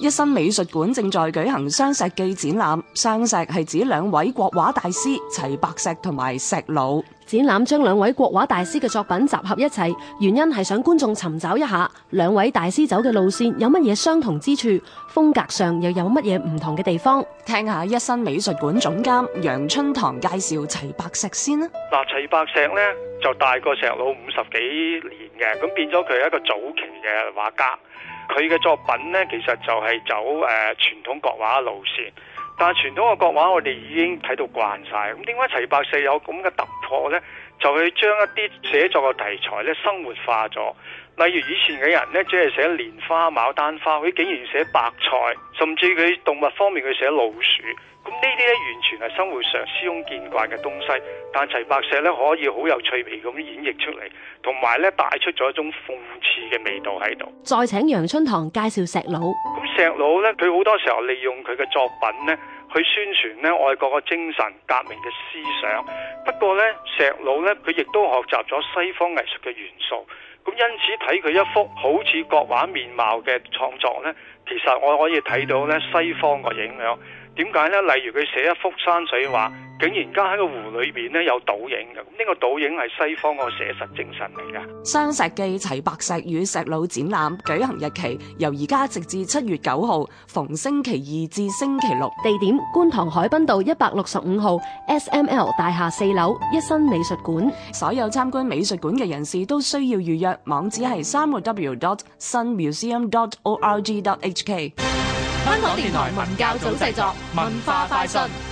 一新美術館正在舉行雙石記展覽，雙石係指兩位國畫大師齊白石同埋石魯。展覽將兩位國畫大師嘅作品集合一齊，原因係想觀眾尋找一下兩位大師走嘅路線有乜嘢相同之處，風格上又有乜嘢唔同嘅地方。聽一下一新美術館總監楊春堂介紹齊白石先啦。嗱，齊白石呢，就大過石魯五十幾年嘅，咁變咗佢係一個早期嘅畫家。佢嘅作品咧，其實就係走誒傳統國畫路線。但係傳統嘅國畫，我哋已經睇到慣晒。咁點解齊白石有咁嘅突破呢？就係將一啲寫作嘅題材咧，生活化咗。例如以前嘅人呢，只係寫蓮花、牡丹花，佢竟然寫白菜，甚至佢動物方面佢寫老鼠。咁呢啲咧，完全係生活上司空見慣嘅東西，但齊白石咧，可以好有趣味咁演繹出嚟，同埋咧，帶出咗一種諷刺嘅味道喺度。再請楊春堂介紹石佬。石佬咧，佢好多時候利用佢嘅作品咧，去宣傳咧外國嘅精神、革命嘅思想。不過咧，石佬咧，佢亦都學習咗西方藝術嘅元素。咁因此睇佢一幅好似國畫面貌嘅創作咧，其實我可以睇到咧西方嘅影響。點解呢？例如佢寫一幅山水畫，竟然加喺個湖裏邊咧有倒影嘅，咁、這、呢個倒影係西方個寫實精神嚟噶。《雙石記》齊白石與石魯展覽舉行日期由而家直至七月九號，逢星期二至星期六。地點：觀塘海濱道一百六十五號 SML 大廈四樓一新美術館。所有參觀美術館嘅人士都需要預約，網址係 www.sunmuseum.org.hk 香港電台文教組製作，文化快訊。